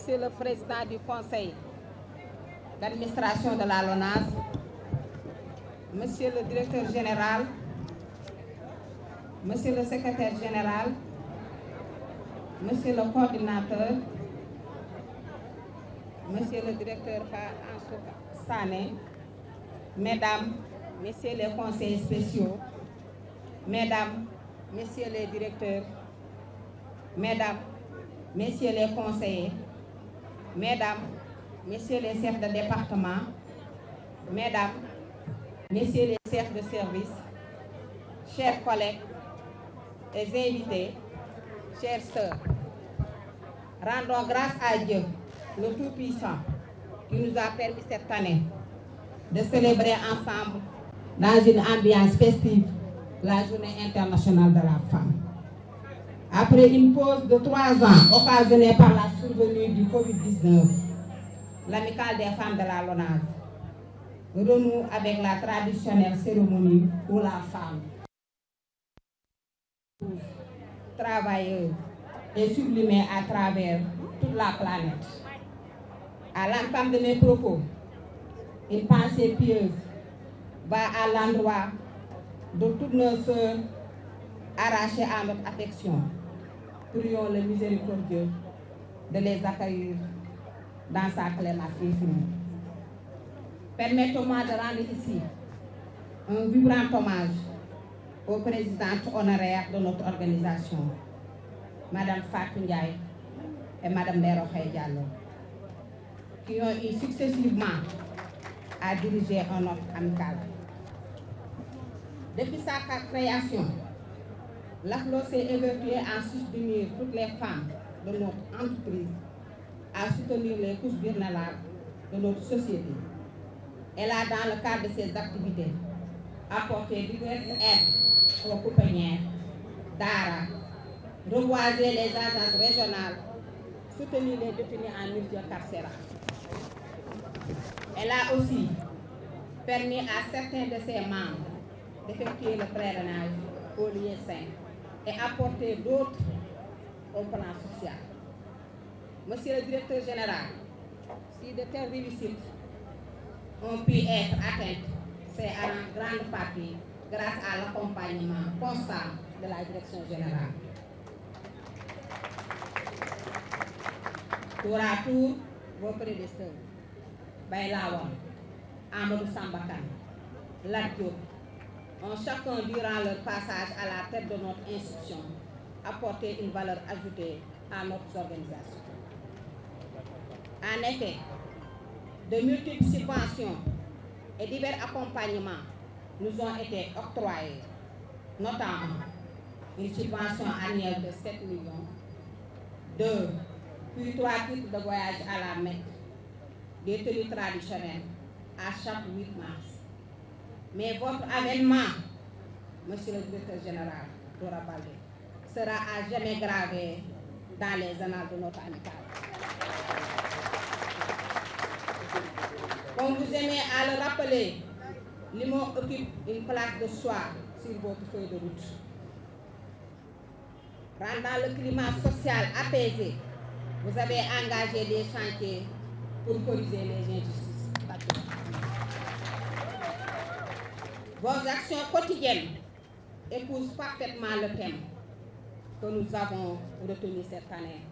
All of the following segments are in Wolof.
Monsieur le Président du Conseil d'administration de la LONASE, Monsieur le Directeur général, Monsieur le Secrétaire général, Monsieur le Coordinateur, Monsieur le Directeur Sané, Mesdames, Messieurs les conseillers spéciaux, Mesdames, Messieurs les directeurs, Mesdames, Messieurs les conseillers, Mesdames, Messieurs les chefs de département, Mesdames, Messieurs les chefs de service, chers collègues et invités, chères sœurs, rendons grâce à Dieu, le Tout-Puissant, qui nous a permis cette année de célébrer ensemble dans une ambiance festive la journée internationale de la femme. après une de trois ans occasionnée par la survenue du Covid-19, l'amicale des femmes de la LONASE renoue avec la traditionnelle cérémonie où la femme, travailleuse, est sublimée à travers toute la planète. À l'entame de mes propos, une pieuse va à l'endroit de toutes nos sœurs arrachées à notre affection. prions le miséricordieux de les accueillir dans sa clémence infinie. Permettez-moi de rendre ici un vibrant hommage au présidente honoraire de notre organisation, Madame Fatou Ndiaye et Madame Ndero Diallo, qui ont eu successivement à diriger un autre amical. Depuis sa création, L'ACNO s'est évertué en soutenir toutes les femmes de notre entreprise, à soutenir les couches vulnérables de notre société. Elle a, dans le cadre de ses activités, apporté diverses aides aux compagnies d'ARA, reboisé les agences régionales, soutenu les détenus en milieu carcéral. aussi permis à certains de ses membres d'effectuer le parrainage au saint et apporter d'autres au plan Monsieur directeur général, si de telles réussites ont pu être atteintes, c'est en grande partie grâce à l'accompagnement constant de la direction générale. Tour à tour, vos prédécesseurs, Baylawa, Amadou Sambakan, Lat ont chacun durant leur passage à la tête de notre institution apporté une valeur ajoutée à notre organisation. En effet, de multiples subventions et divers accompagnements nous ont été octroyés, notamment une subvention annuelle de 7 millions, deux, puis trois titres de voyage à la Mecque, des tenues traditionnelles à chaque 8 mars Mais votre avènement, monsieur le directeur général Dora Baldé, sera à jamais gravé dans les annales de notre amicale. Comme vous aimez à le rappeler, Limon occupe une place de choix sur votre feuille de route. Rendant climat social apaisé, vous avez engagé des chantiers pour corriger les injustices. Vos actions quotidiennes épousent parfaitement le thème que nous avons retenu cette année,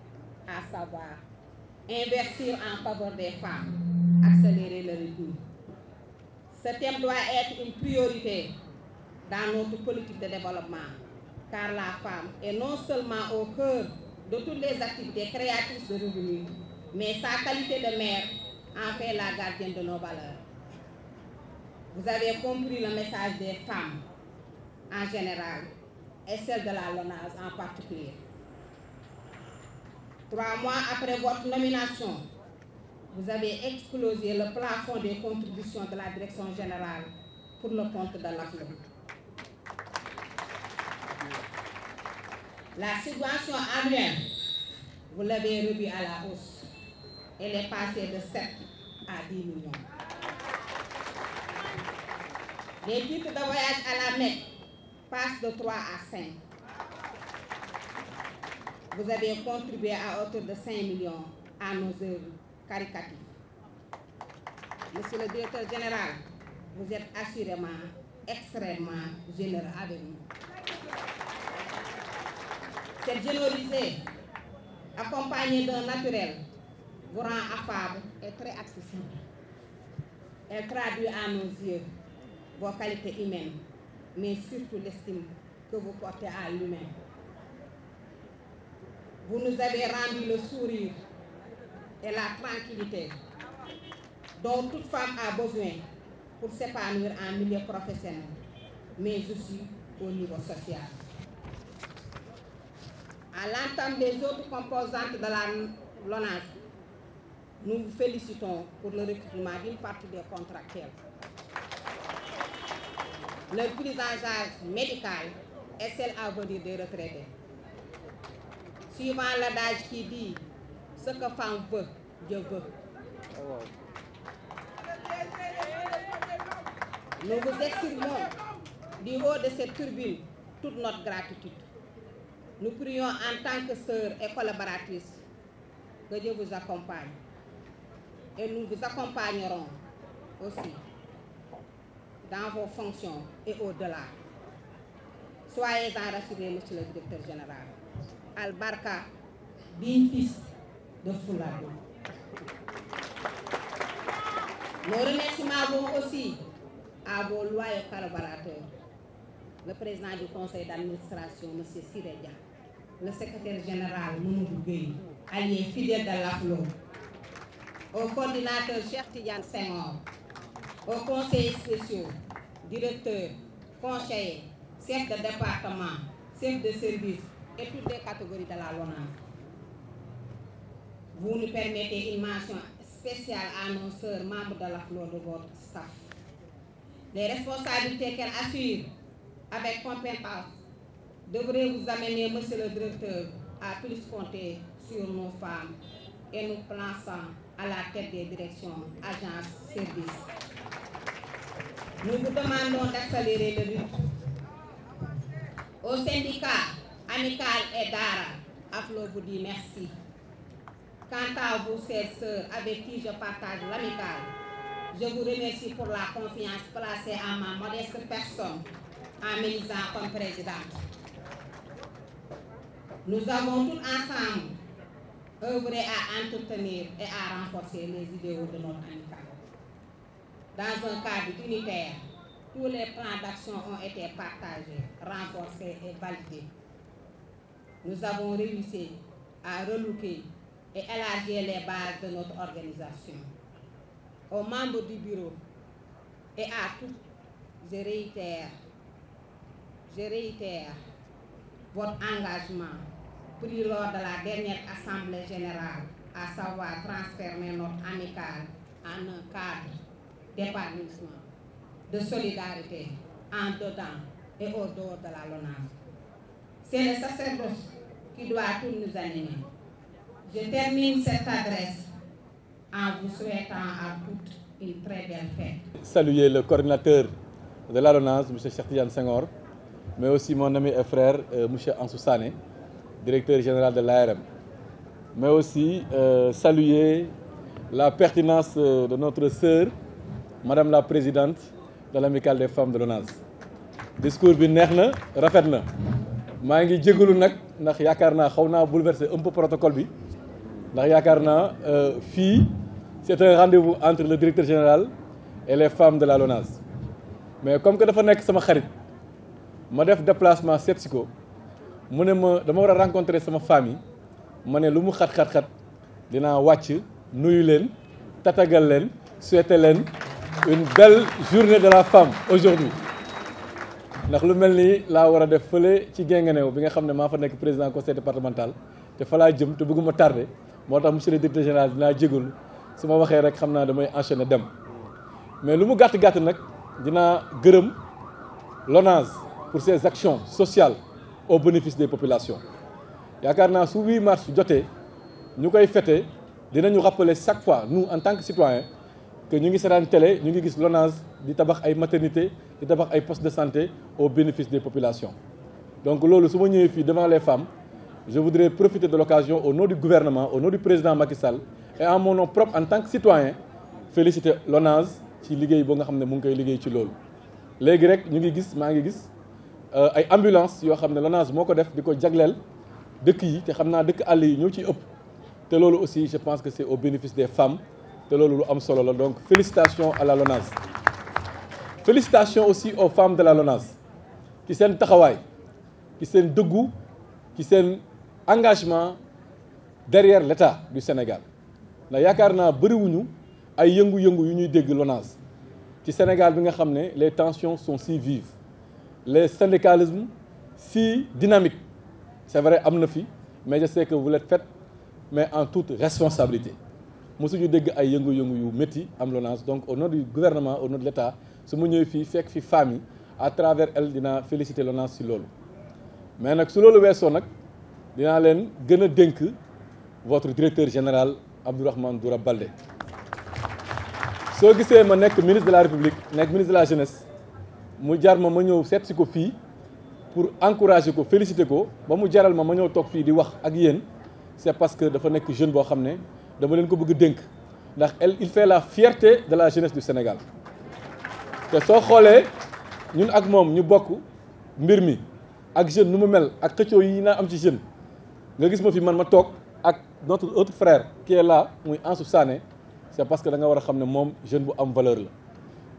à savoir inversir en faveur des femmes, accélérer le rythme. Ce thème doit être une priorité dans notre politique de développement, car la femme est non seulement au cœur de toutes les activités créatrices de revenus, mais sa qualité de mère en fait la gardienne de nos valeurs. Vous avez compris le message des femmes en général et celle de la LONASE en particulier. Trois mois après votre nomination, vous avez explosé le plafond des contributions de la direction générale pour le contre de l'AFLO. La subvention annuelle, vous l'avez revue à la hausse. Elle est passée de 7 à 10 millions. Les titres de voyage à la Mecque passent de 3 à 5. Vous avez contribué à hauteur de 5 millions à nos œuvres caricatives. Monsieur le directeur général, vous êtes assurément extrêmement généreux avec nous. Cette générosité, accompagnée d'un naturel, vous rend affable et très accessible. Elle traduit à nos yeux vos qualité humaines, mais surtout l'estime que vous portez à l'humain. Vous nous avez rendu le sourire et la tranquillité dont toute femme a besoin pour s'épanouir en milieu professionnel, mais aussi au niveau social. À l'entame des autres composantes de la LONASE, nous félicitons pour le recrutement d'une partie des contracteurs. Leur prise en charge médicale est celle à venir des retraités. Suivant la qui dit di que femme veut, Dieu veut. vous exprimons du haut de cette tribune toute notre gratitude. Nous prions en tant que sœurs et collaboratrices que Dieu vous accompagne. Et nous vous accompagnerons dans vos fonctions et au-delà. Soyez-en rassurés, monsieur le directeur général. Al Barka, fils de Fuladu. Nos remerciements vont aussi à vos loyaux collaborateurs, le président du conseil d'administration, monsieur Sireja, le secrétaire général, Mounoudou Gueye, allié fidèle de l'AFLO, au coordinateur Cheikh Tidiane Senghor, aux conseillers spéciaux directeurs conseillers chefs de département chefs de service et toutes les catégories de la LONASE vous nous permettez une mention spéciale à nos sœurs membres de la flore de votre staff les responsabilités qu'elles assurent avec compétence devraient vous amener monsieur le directeur à plus compter sur nos femmes et nous plaçant à la tête des directions agences services nous vous demandons d'accélérer le but. Au syndicat Amical et Dara, Aflo vous dit merci. Quant à vous, chers sœurs, avec qui partage l'amical, je vous remercie pour la confiance placée en ma modeste personne en m'élisant comme présidente. Nous avons tous ensemble œuvré à entretenir et à renforcer les idéaux de notre amical. Dans un cadre unitaire, tous les plans d'action ont été partagés, renforcés et validés. Nous avons réussi à relooker et élargir les bases de notre organisation. Aux membres du bureau et à tous, je réitère, je réitère votre engagement pris lors de la dernière Assemblée générale, à savoir transformer notre amicale en un cadre d'épanouissement, de solidarité en dedans et au dehors de la LONASE. C'est le sacerdoce qui doit tout nous animer. Je termine cette adresse en vous souhaitant à toutes une très belle fête. Saluer le coordinateur de la LONASE, M. Chertian Senghor, mais aussi mon ami et frère, euh, M. directeur général de l'ARM. Mais aussi euh, saluer la pertinence euh, de notre sœur, madame la présidente de l'amicale des femmes de l'ONAS discours bi neex na rafet na maa ngi jégalu nag ndax yaakaar naa xaw naa bouleverser un peu bi ndax yaakaar naa euh, fii c'est un rendez-vous entre le directeur général et les femmes de la LONASE mais comme que dafa nekk sama xarit ma def déplacement seet si ko mu ne ma dama war a rencontrer sama famille ma ne lu mu xat-xat-xat dinaa wàcc nuyu leen tatagal leen souhaiter leen une belle journée de la femme aujourd'hui ndax lu mel nii laa war a def fële ci Guinguinéo bi nga xam ne maa fa nekk président conseil départemental te fa laa jëm te bëgguma tardé moo tax monsieur le directeur général dinaa jégalu su ma waxee rek xam naa damay enchaîner dem mais lu mu gàtt gàtt nag dinaa gërëm l'ONAS pour ses actions sociales au bénéfice des populations yaakaar naa su 8 mars jotee ñu koy fêter dinañu rappeler chaque fois nous en tant que citoyens que ñu ngi seetaan télé ñu ngi gis l'ONAS di tabax ay maternité di tabax ay postes de santé au bénéfice des populations donc loolu su ma ñëwee fii devant les femmes je voudrais profiter de l'occasion au nom du gouvernement au nom du président Macky Sall et en mon nom propre en tant que citoyen féliciter l'ONAS ci liggéey boo nga xam ne mu ngi koy liggéey ci loolu léegi rek ñu ngi gis maa ngi gis euh, ay ambulance yoo xam ne l'ONAS moo ko def di ko jagleel dëkk yi te xam naa dëkk àll yi ñoo ciy ëpp te loolu aussi je pense que c'est au bénéfice des femmes te loolu lu am solo la donc félicitations à la aussi aux femmes de la LONASE ci seen taxawaay ci seen dëggu ci seen engagement derrière l'État du Sénégal ndax yaakaar naa bëriwuñu ay yëngu-yëngu yu ñuy dégg LONASE ci Sénégal bi nga xam ne les tensions sont si vives les syndicalismes si dynamiques c'est vrai am na fi mais je sais que vous le faites mais en toute responsabilité mosuñu dégg ay yëngu-yëngu yu métti am LONASE donc au nom du gouvernement au nom de l'État su ma ñëwee fii fekk fi femmes yi à travers elle dinaa féliciter LONASE si loolu mais nag su loolu weesoo nag dinaa leen gën a dénk votre directeur général Abdourahmane Doura Baldé soo gisee ma nekk ministre de la République nekk ministre de la jeunesse mu jar ma ma ñëw seet si ko fii pour encourager ko féliciter ko ba mu jaral ma ma ñëw toog fii di wax ak yéen c'est parce que dafa nekk jeune boo xam ne dama leen ko bëgg dénk ndax elle il fait la fierté de la jeunesse du Sénégal te soo xoolee ñun ak moom ñu bokk mbir mi ak jeune nu mu mel ak xëccoo yi naa am ci jeune nga gis ma fi man ma toog ak notre autre frère qui est là muy Ansou Sané c'est parce que da nga war a xam ne moom jeune bu am valeur la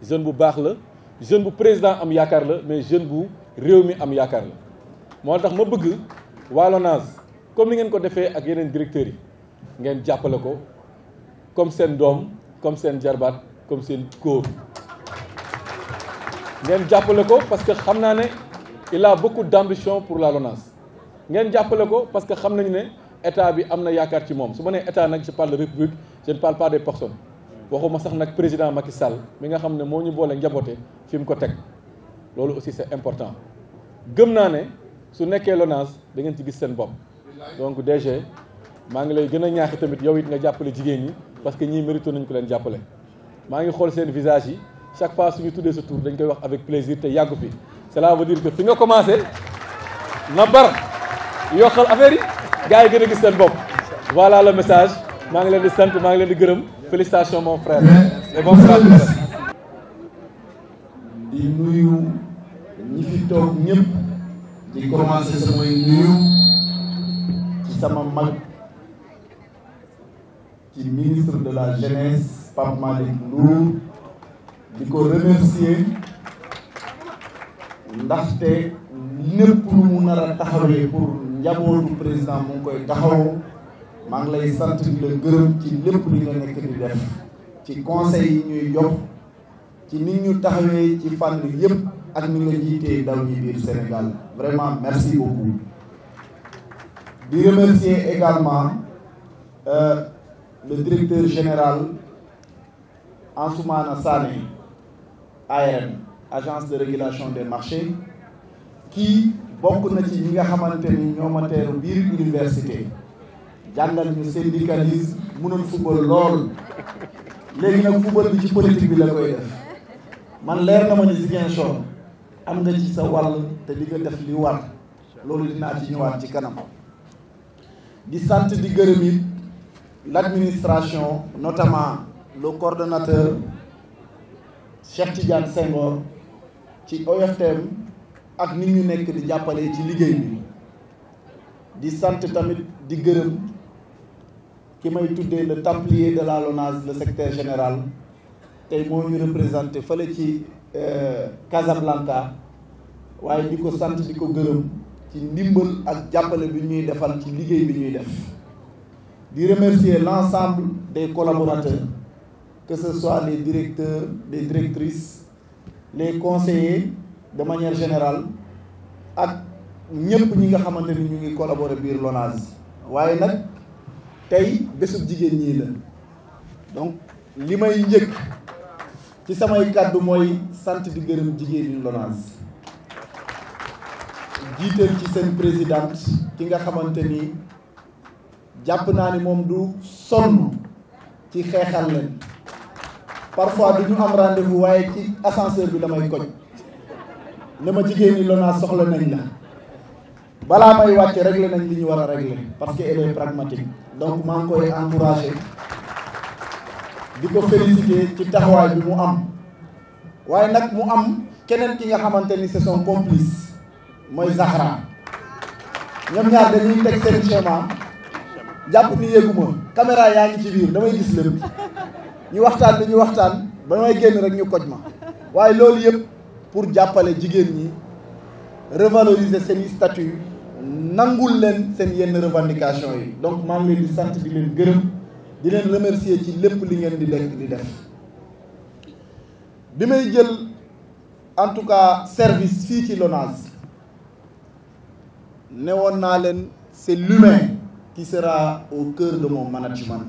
jeune bu baax la jeune bu président am yaakaar la mais jeune bu réew mi am yaakaar la moo tax ma bëgg waa LONASE comme ni ngeen ko defee ak yeneen directeurs yi ngeen jàppale ko comme seen doom comme seen jarbaat comme seen góor ngeen jàppale ko parce que xam naa ne il a beaucoup d'ambition pour la LONASE ngeen jàppale ko parce que xam nañu ne état bi am na yaakaar ci moom su ma nee état nag je parle de république je ne parle pas des personnes waxuma sax nag président Macky Sall mi nga xam ne moo ñu boole njaboote fi mu ko teg loolu aussi c'est important gëm naa ne su nekkee LONASE da ngeen ci gis seen bopp maa ngi lay gën a ñaax tamit yow yit nga jàppale jigéen ñi parce que ñii mérito nañ ko leen jàppale maa ngi xool seen visage yi chaque fois suñu tuddee sa tour dañ koy wax avec plaisir te yàggu fi cela nga commencé na bar yokkal affaire yi gars yi gën a seen bopp voilà le message maa ngi leen di sant maa ngi leen di gërëm félicitations mon frère et bon fi toog ñëpp sama mag ci ministre de la jeunesse Pape Malick Ndour di ko remercier ndaxte lépp lu mu nar a taxawee pour njabootu président mu koy taxaw maa ngi lay sant di la gërëm ci lépp li nga nekk di def ci conseil yi ñuy jox ci nit ñu taxawee ci fànn yëpp ak ni nga jiitee daw ñi biir Sénégal vraiment merci beaucoup di remercier également euh, le directeur général Ansoumana Sané, ARM, Agence de régulation des marché kii bokk na ci ñi nga xamante ni ñoo ma teeru biir université jàngal ñu syndicalisme mënoon football lool léegi nag football bi ci politique bi la koy def man leer na ma ni Ziguinchor am nga ci sa wàll te di nga def li war loolu dinaa ci ñëwaat ci kanam di sant di gërëm it l'administration, notamment le coordonnateur Cheikh Tidiane Senghor ci OFTM ak nit ñu nekk di jàppale ci liggéey bi di sant tamit di gërëm ki may tuddee le templier de la LONASE le secretaire général tey moo ñu représenté fële ci euh, Casablanca waaye di ko sant di ko gërëm ci ndimbal ak jàppale bi ñuy defal ci liggéey bi ñuy def di remercier l'ensemble des collaborateurs que ce soit les directeurs les directrices les conseillers de manière générale ak ñëpp ñi nga xamante ni ñu ngi collaborer biir LONASE waaye nag tey bésub jigéen ñii la donc li may njëkk ci samay kàddu mooy sant di gërëm jigéen ñi LONASE jiital ci seen présidente ki nga xamante ni jàpp naa ni moom du sonn ci xeexal leen parfois du ñu am rendez-vous waaye ci ascenseur bi la may koj ne ma jigéen ñi Lonase soxla nañ la balaa may wàcce réglé nañ li ñu war a réglé parce que elle pragmatique donc maa ngi koy encouragé di ko félicité ci taxawaay bi mu am waaye nag mu am keneen ki nga xamante ni c'est son mooy Zahra ñoom ñaar dañuy teg seen schéma jàpp ni yéeguma caméra yaa ngi ci biir damay gis lépp ñu waxtaan bi ñu waxtaan ba may génn rek ñu koj ma waaye loolu yëpp pour jàppale jigéen ñi revaloriser seen i statut nangul leen seen yenn revendication yi donc maa ngi leen di sant di leen gërëm di leen remercier ci lépp li ngeen di lekk di def bi may jël en tout cas service fii ci LONASE ne woon naa leen c'est l'humain qui sera au cœur de mon management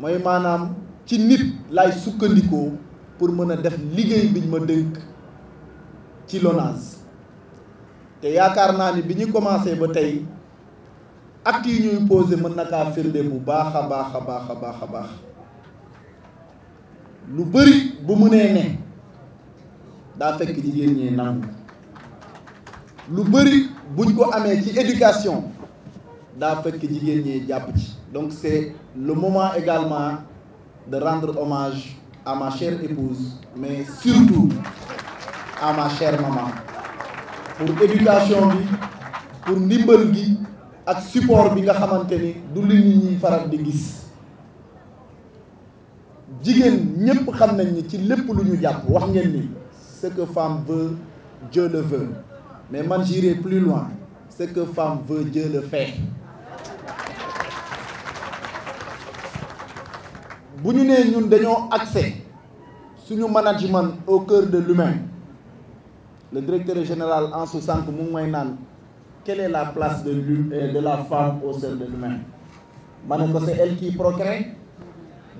mooy maanaam ci nit laay sukkandikoo pour mën a def liggéey biñ ma dënk ci lonaas te yaakaar naa ni bi ñu commencé ba tey actes yi ñuy posé mën na kaa firnde bu baax a baax a baax a baax a baax lu bëri bu mënee ne daa fekk jigéen ñi nangu lu bëri buñ ko amee ci éducation daa fekk jigéen ñi jàpp ci donc c' est le moment également de rendre hommage à ma chère épouse mais surtout à ma chère maman pour éducation bi pour ndimbal gi ak support bi nga xamante ni du li nit ñi faral di gis jigéen ñépp xam nañ ni ci lépp lu ñu jàpp wax ngeen ni ce que femme veut Dieu le veut mais man j'irai plus loin ce que femme veu Dieu le fait bu ñu nee ñun dañoo accès suñu management au cœur de l'humain le directeur général Ansou Sank mu ngi may naan quelle la place de l' de la femme au sein de l'humain ma ne ko c'est elle qui procrée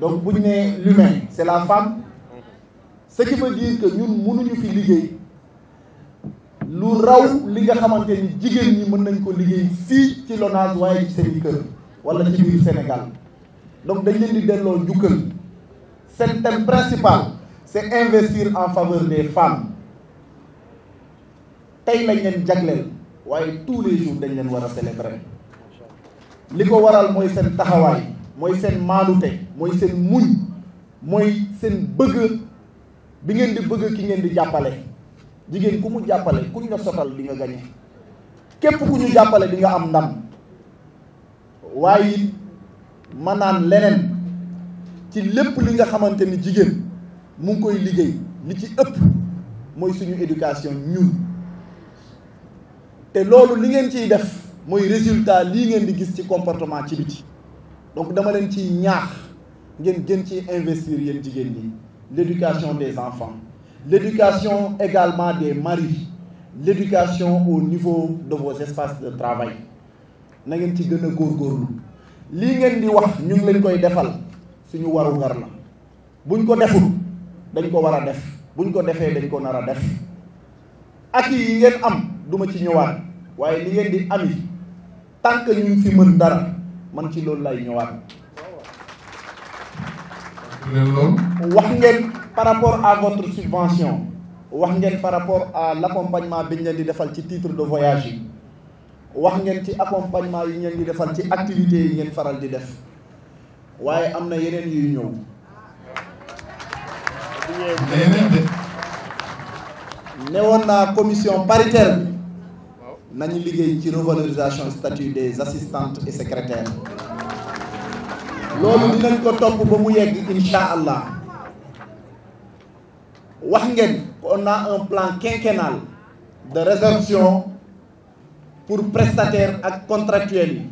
donc bu ñu nee l'humain c'est la femme ce qui veut dire que ñun munuñu fi liggéey lu raw li nga xamante ni jigéen ñi mën nañ ko liggéey sii ci LONASE waaye ci seen kër wala ci biir Sénégal donc dañ leen di delloo njukkal seen thème principal c'est investir en faveur des femmes tey lañ leen jagleel waaye tous les jours dañ leen war a célébrer li ko waral mooy seen taxawaay mooy seen maalute mooy seen muñ mooy seen bëgg bi ngeen di bëgg ki ngeen di jàppale jigéen ku mu jàppale kuñ la sotal di nga gañe képp ku ñu jàppale di nga am ndam waaye ma naan leneen ci lépp li nga xamante ni jigéen mu ngi koy liggéey li ci ëpp mooy suñu éducation ñun te loolu li ngeen ciy def mooy résultat lii ngeen di gis ci comportement ci biti donc dama leen ciy ñaax ngeen gën ci investir yéen jigéen ñi l'éducation des enfants l'éducation également des maris l'éducation au niveau de vos espaces de travail na ngeen ci gën a góor góorgóorlu lii ngeen di wax ñu lañ koy defal suñu waru ngar la buñ ko deful dañ ko war a def buñ ko defee dañ ko nar a def ak yi ngeen am duma ci ñëwaat waaye li ngeen di am yi tant que ñu fi mën dara man ci loolu lay ñëwaat. wax ngeen par rapport à votre subvention wax ngeen par rapport à l' accompagnement bi ñu leen di defal ci titre de voyage yi. wax ngeen ci accompagnement yi ngeen di defal ci activité yi ngeen faral di def waaye am na yeneen yuy ñëw. ne woon naa commission paritaire nañu liggéey ci revalorisation statut des assistantes et secrétaires loolu dinañ ko topp ba mu yegg insha allah wax ngeen on a un plan quinquennal de résorption pour prestataire ak contractuel yi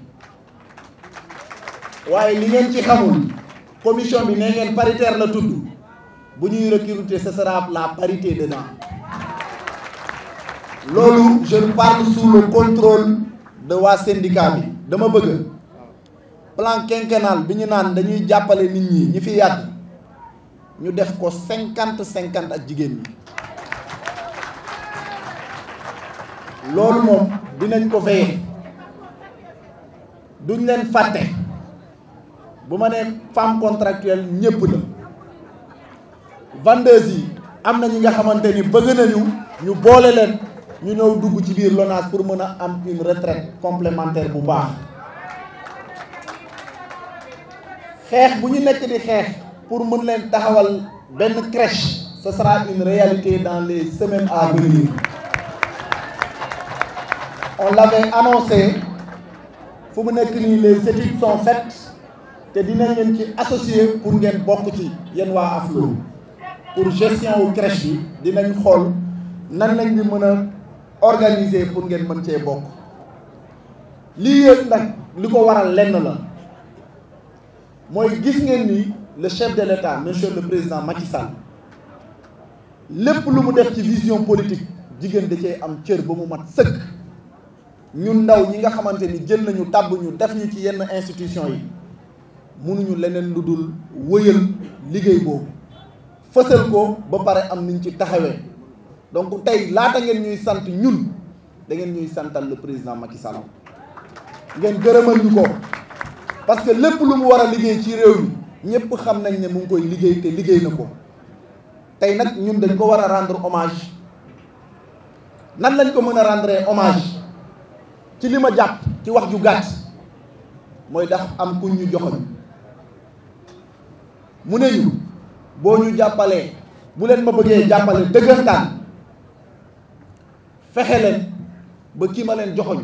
waaye li ngeen ci xamul commission bi ne ngeen paritaire la tudd bu ñuy recruter ce sera la parité dedans loolu je parle sous le contrôle de waa syndicat bi dama bëgg plan quinquennal bi ñu naan dañuy jàppale nit ñi ñi fi yàgg ñu def ko cinquante cinquante ak jigéen ñi loolu moom dinañ ko veiller duñ leen fàtte bu ma nee femme contractuelle ñëpp la vendeuses yi am na ñu nga xamante ni bëgg nañu ñu boole leen ñu ñëw dugg ci biir LONASE pour mën a am une retraite complémentaire bu baax xeex bu ñu nekk di xeex pour mën leen taxawal benn crèche ce sera une réalité dans les semaines à venir on l'avait annoncé fu mu nekk nii les études sont faites te dinañ leen ci associé pour ngeen bokk ci yéen waa Aflo pour gestion wu crèche yi dinañ xool nan lañ ñu mën a organiser pour ngeen mën cee bokk lii yëpp nag li ko waral lenn la mooy gis ngeen ni le chef de l'État monsieur le président Macky lépp lu mu def ci vision politique jigéen da cee am cër ba mu mat sëkk. ñun ndaw ñi nga xamante ni jën nañu tàbb ñu def ñu ci yenn institution yi mënuñu leneen lu dul wëyal liggéey boobu fësal ko ba pare am niñ ci taxawee donc tey laata ngeen ñuy sant ñun da ngeen ñuy santal le président Macky Sall ngeen gërëmal ñu ko parce que lépp lu mu war a liggéey ci réew mi ñëpp xam nañ ne mu ngi koy liggéey te liggéey na ko tey nag ñun dañ ko war a rendre hommage nan lañ ko mën a rendre hommage ci li ma jàpp ci wax ju gàtt mooy dax am kuñ ñu joxoñ mu ne ñu boo ñu jàppalee bu leen ma bëggee jàppale dëggantaan fexe leen ba kii ma leen joxoñ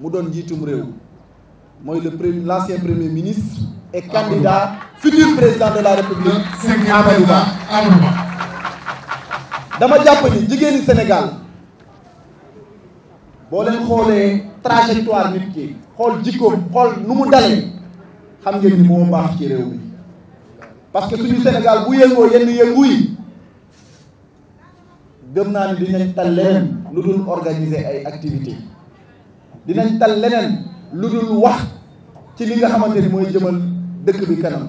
mu doon njiitum réew mooy le premier l'ancien premier ministre et candidat futur président de la république Amadou Ba dama jàpp ni jigéeni Sénégal boo leen xoolee trajectoire nit ki xool jikkoom xool nu mu dalee xam nga ni moo baax ci réew mi parce que suñu Sénégal bu yëngoo yenn yëngu yi gëm naa ni dinañ tal leneen lu dul organiser ay activités dinañ tal leneen lu dul wax ci li nga xamante ni mooy jëmal dëkk bi kanam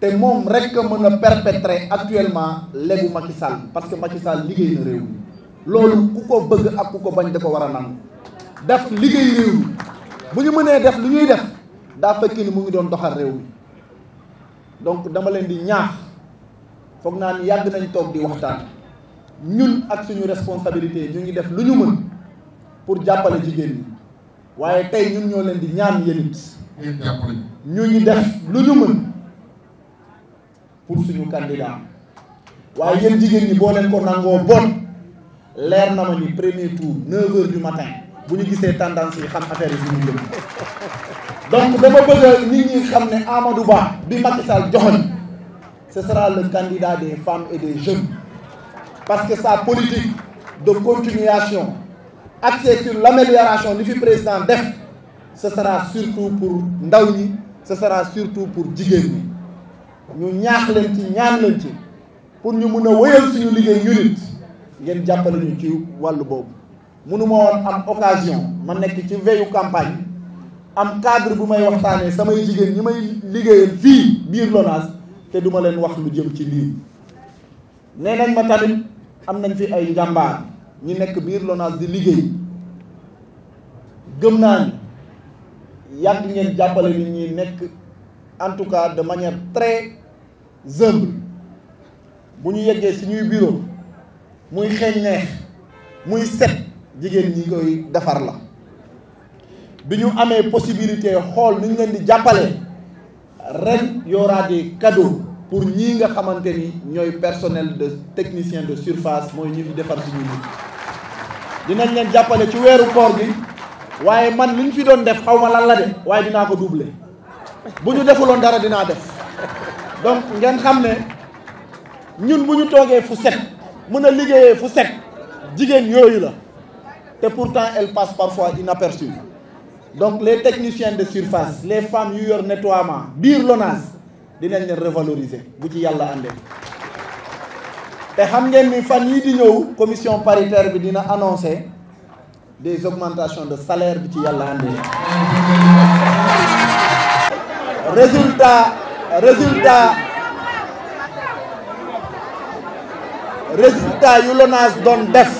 te moom rek mën a perpétrer actuellement léegu Macky Sall parce que Macky Sall liggéey na réew mi loolu ku ko bëgg ak ku ko bañ da ko war a nangu def liggéey réew mi bu ñu mënee def lu ñuy def daa fekk ni mu ngi doon doxal réew mi donc dama leen di ñaax foog naa ni yàgg nañ toog di waxtaan ñun ak suñu responsabilité ñu ngi def lu ñu mën pour jàppale jigéen ñi waaye tey ñun ñoo leen di ñaan yéen it ñu ngi def lu ñu mën pour suñu candidat waaye yéen jigéen ñi boo leen ko nangoo bon leer na ma ni premier tour 9 heures du matin bu ñu gisee tendance yi xam affaire yi suñu jëm donc dama bëgg nit ñi xam ne Amadou Ba bi Macky Sall joxoon ce sera le candidat des femmes et des jeunes parce que sa politique de continuation axée sur l'amélioration li fi président def ce sera surtout pour ndaw ñi ce sera surtout pour jigéen yi ñu ñaax leen ci ñaan leen ci pour ñu mën a wëyal suñu liggéey ñu ngeen jàppale ñu ci wàllu boobu mënu ma woon am occasion ma nekk ci veyu campagne am cadre bu may waxtaanee samay jigéen ñi may liggéeyal fii biir LONASE te duma leen wax lu jëm ci lii nee nañ ma tamit am nañ fi ay njàmbaar ñi nekk biir LONASE di liggéey gëm naa ni yàgg ngeen jàppale ni ñi nekk en tout cas de manière très humble bu ñu yeggee ñuy bureau muy xeeñ neex muy set jigéen ñi koy defar la bi ñu amee possibilité xool ni ñu leen di jàppale ren y aura des pour ñii nga xamante ni ñooy personnel de technicien de surface mooy ñu defar suñu nit dinañ leen jàppale ci weeru koor gi waaye man li ñu fi doon def xaw ma lan la de waaye dinaa ko doubler bu ñu defuloon dara dinaa def donc ngeen xam ne ñun bu ñu toogee fu set mën a liggéeyee fu set jigéen yooyu la te pourtant elle passe parfois inaperçue donc les techniciens de surface les femmes yu yor nettoiement biir LONASE dinañ leen revaloriser bu ci yàlla àndee te xam ngeen mi fan yii di ñëw commission paritaire bi dina annoncer des augmentations de salaire bi ci yàlla àndee résultat résultat résultat yu LONASE doon def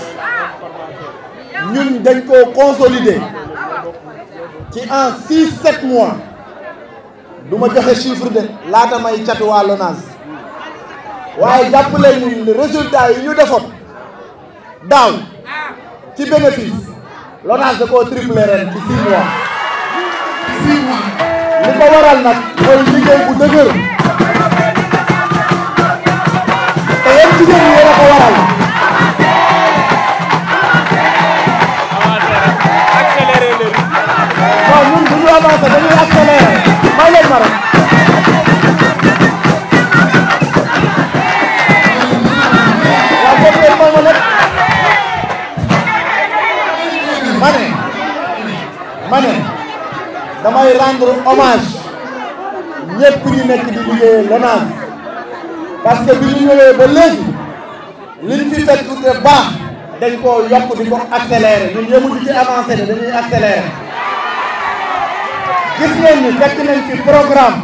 ñun dañ koo consolider ci en six sept mois du ma joxe chiffre de laata may catuwaa LONASE waaye jàpp leen résultat yi ñu defoon daaw ci bénéfice LONASE da koo triplé ci six mois ko waral nag mooy liggéey bu dëgër jigéen ñi yéen a waral. accéléré leen. non ñun bu ñu avancé dañuy accéléré may leen ma rek. waaw foofu ngeen may ma nag. ma ne. ma ne damay rendre nekk di liggéey LONASE parce que bi ñu ñëwee ba léegi. liñ fi fekk te baax dañ koo yokk di ko accélérer ñun yëmuñu ci avancé ne dañuy accélérer gis ngeen ni fekk nañ fi programme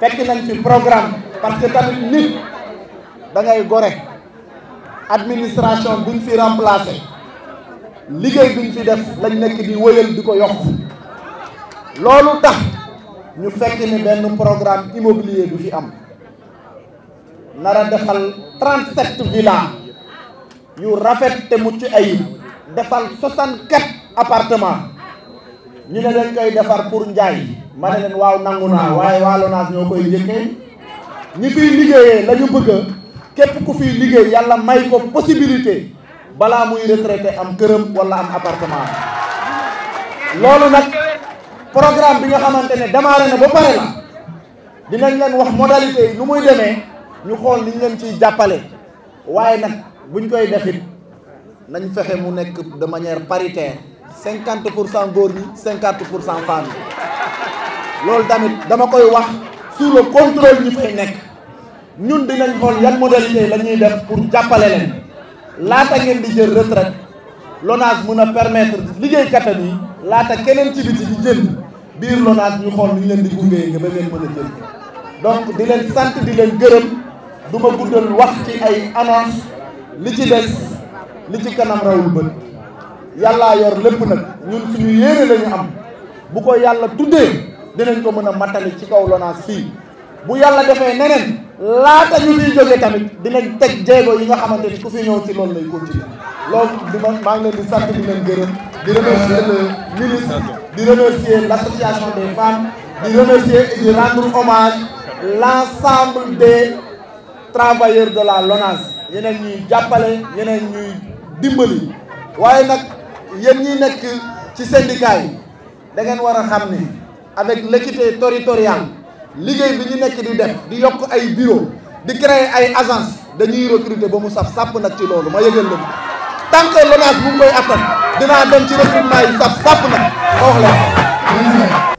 fekk nañ fi programme parce que tamit nit da ngay gore administration buñ fi remplacé liggéey buñ fi def lañ nekk di wëyal di ko yokk loolu tax ñu fekk ni benn programme immobilier du fi am nar a defal 37 villas yu rafet te mucc ayib defal 64 appartement ñu ne leen koy defar pour njaay ma ne leen waaw nangu naa waaye waa LONASE ñoo koy njëkkee ñi fiy liggéeyee la ñu bëgg képp ku fiy liggéey yàlla may ko possibilité balaa muy retraité am këram wala am appartement loolu nag programme bi nga xamante ne démarré na ba pare la dinañ leen wax modalité yi muy demee. ñu xool ni ñu leen ciy jàppale waaye nag buñ koy defit nañ fexe mu nekk de manière paritaire cinquante pour cent góor ñi cinquante pour cent femmes yi loolu tamit dama koy wax sous le contrôle ñi fay nekk ñun dinañ xool yan modalité la ñuy def pour jàppale leen laata ngeen di jël retraite LONASE mën a permettre liggéeykatam yi laata keneen ci biti di jënd biir LONASE ñu xool ni ñu leen di gunge nga ba mën a jënd donc di leen sant di leen gërëm du ma guddal wax ci ay annonce li ci des li ci kanam rawul bët yàlla yor lépp nag ñun suñu yéene la am bu ko yàlla tuddee dinañ ko mën a matali ci kaw Lonase fii bu yàlla defee neneen laata ñu fiy jógee tamit dinañ teg jéego yi nga xamante ni ku fi ñëw ci loolu lay continuer loolu di ma maa ngi leen di di leen gërëm di remercier le ministre di remercier l'association des femmes di remercier et di l'ensemble des travailleurs de la LONASE yeneen ñuy jàppale yeneen ñuy dimbali waaye nag yéen ñi nekk ci syndicat yi da ngeen war a xam ni avec l'équité territoriale liggéey bi ñu nekk di def di yokk ay bureau di créer ay agence dañuy recruter ba mu saf sàpp nag ci loolu ma yëgal la tant que LONASE mu ngi koy dinaa dem ci recrutement yi saf sàpp nag ma wax la